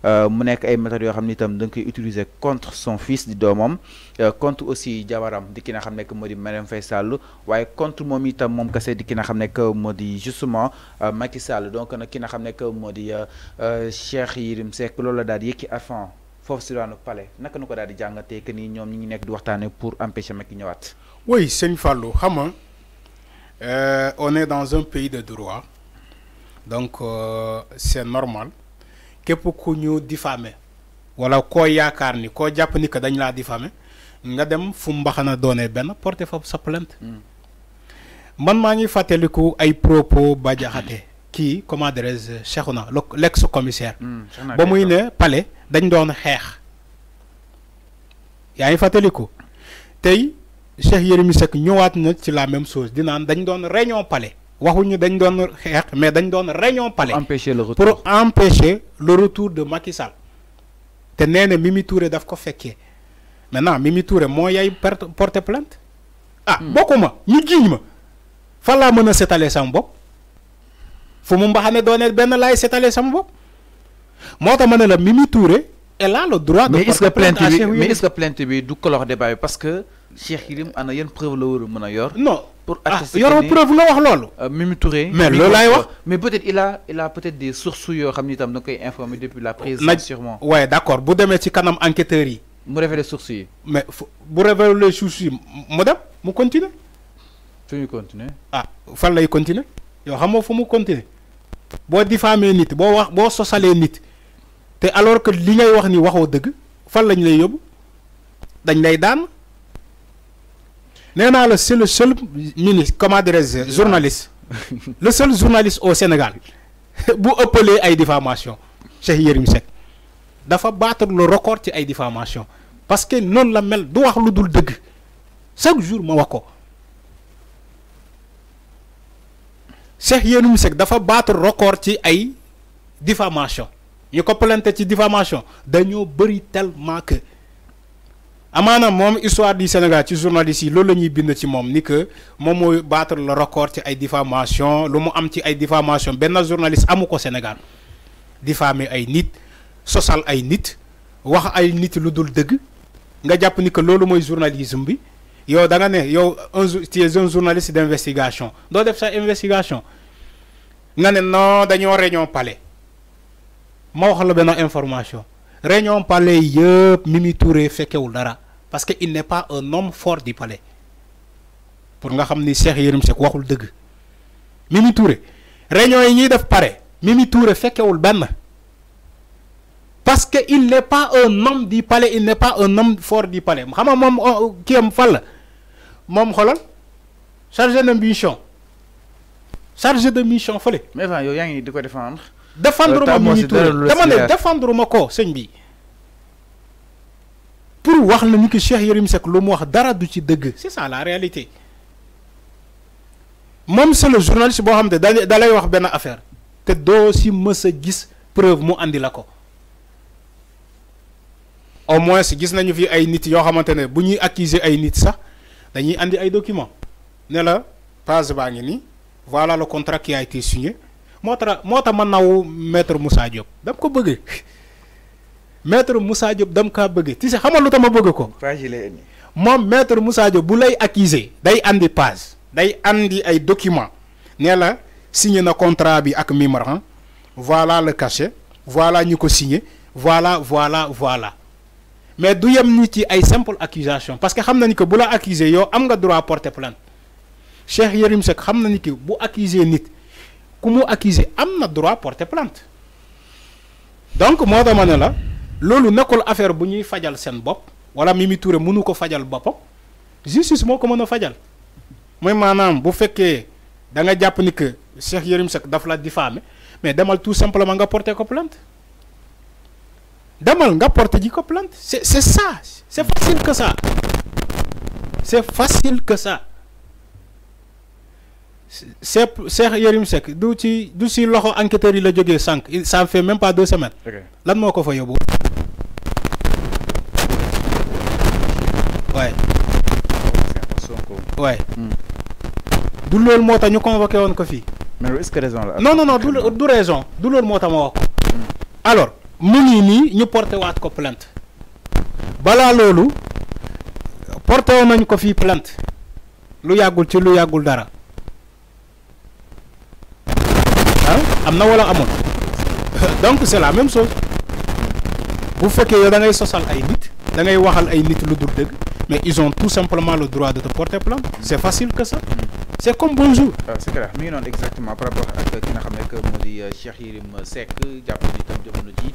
Euh, mu nekk ay méthodes yoo xam ne itam da koy utiliser contre son fils di doomam euh, contre aussi jabaram di ki nga xam nekk moo di Marième Faye Sall waaye contre moom itam moom kese di ki nga xam nekk moo di justement euh, Macky Sall donc nag ki nga xam nekk moo di Cheikh Yirim Seck loolu la daal di yëkki arfan foofu si daanu palais naka nu ko daal di jàngatee que ni ñoom ñu ngi nekk di waxtaanee pour empêcher Macky ñëwaat. oui sëñ Fallou xam nga on est dans un pays de droit donc c'est normal. képp ku ñu diffamé wala ko yaakaar ni ko jàpp ni que dañ laa diffamé nga dem fu mbaxana doonee benn porté fa sa hmm. man maa ngi fàttaliku ay propos ba jaxate kii comment dirais-je Cheikhouna l'ex commissaire hmm, ba muy ne palais dañ doon xeex yaa ngi fàttaliku tey Cheikh Yérim Seck ñëwaat na ci la même di naan dañ doon réunion palais waxuñu dañ doon xeex mais dañ doon réunion palais empêcher le retour pour empêcher le retour de Macky Sall té nee na Mimi Touré daf ko féké maintenant Mimi Touré mo yay porter plainte ah hmm. bokkuma ñu jiiñ ma fa la mëna a sétalee sama bopp fu mu mbaxane doonee ben lay sétalee sama bopp moo tax la Mimi Touré elle a le droit de porter plainte mais est-ce que plainte bi du kolox débat parce que Cheikh Yérim ana yeen preuve la war mëna yor non pour attester a une preuve là wax euh, Mimi Touré. mais le laay mais peut-être il a il a peut-être des sources yoo xam ni tam da informé depuis la prise. sûrement ouais d'accord bu demee ci kanam enquêteurs yi. mu les sources mais mais révéler les sources madame vous dem mu continuer. continuer. ah fan lay continuer Yo, xamoo faut mu continuer bon diffamé nit bon wax boo sosalee nit te alors que li ngay wax ni waxoo dëgg fan lañ lay yóbbu dañ c'est le seul ministre comment dirais journaliste le seul journaliste au Sénégal bu à ay diffamation Cheikh Yérim Il dafa battre le record de ay diffamation parce que non la mel du wax lu dul dëgg chaque jour ma wax Cheikh battre record de ay diffamation Il ko plainte ci diffamation dañoo bëri tellement que amana mom histoire du Sénégal ci journaliste yi lañuy bind ci mom ni que mom moy battre le record ci ay diffamation lu mu am ci ay diffamation benn journaliste amuko Sénégal diffamer ay nit sosal ay nit wax ay nit lu dul nga japp ni que loolu moy journalisme bi yow da nga né yow un tu es un journaliste d'investigation do def sa investigation nga ne non dañoo réunion palais ma wax la benn information réunion palais yëpp Mimi Touré dara parce que il n'est pas un homme fort du palais pour nga xamni Cheikh Yérim Seck waxul deug Mimi Touré réunion yi ñi def paré Mimi Touré fekkewul parce que il n'est pas un homme du palais il n'est pas un homme fort du palais xam nga moom oh, oh, kii am est mom xolal chargé de mission chargé de mission fële. mais yow yaa ngi di ko défendre défendre ma Mimi dama ne défendre ma ko bi pour wax la ni ki Cheikh Yérim Seck lu mu wax dara du ci dëgg c'est ça la réalité Même c'est le journaliste bohame xam d'aller da da wax affaire te dossier si mës gis preuve mu andi lako au moins gis nañu fi ay nit yoo xamante ne bu ñuy accuser ay nit sax dañuy andi ay documents ne la passe baa ngi voilà le contrat qui a été signé moo tax moo tax maître Moussa Diop dam ko bëgg maître Moussa Diop dam kaa bëgg ti si xamal lu tax ma bëgg ko. moom maître Moussa Diop bu lay accuser day andi page day andi ay document nee la signé na contrat bi ak Mimran hein? voilà le cachet voilà ñu ko signé voilà voilà voilà mais du yem ni ci ay simple accusation parce que xam na que bu la accuser yow am nga droit porter plainte Cheikh Yérim Seck xam na que bu accuser nit ku accusé accuser am droit porter plainte donc moo dama ne la loolu nekkul affaire bu ñuy fajal seen bopp wala Mimi Touré mënu ko fajal bop justice moo ko mën a fajal moy manam bu fekkee da nga japp ni que Cheikh Yérim Seck daf la diffamé mais demal tout simplement nga porter ko plainte demal nga porter ji ko plainte c'est c'est ça c'est facile que ça c'est facile que ça c'est Cheikh Yerim Seck d'où ci d'où si loxo ça fait même pas deux semaines. Là, moo ko fa ouais ouais Tu hmm. du loolu nous convoqué mais est-ce que raison non non non d'où raison du loolu moo ma hmm. alors mu ni ñu porté plainte. Bala loolu plainte lu Yagoul, ci lu Yagoul ah am na wala amoon donc c'est la même chose Vous fekkee yow da ngay sosal ay nit da ngay waxal ay nit lu dul dëgg mais ils ont tout simplement le droit de te porter plainte c'est facile que ça c'est comme bonjour. waaw euh, c'est clair mi non, exactement par rapport ak ki nga xam ne que moo di euh, Cheikh Yérim Seck jàpp ni tam jamono ji.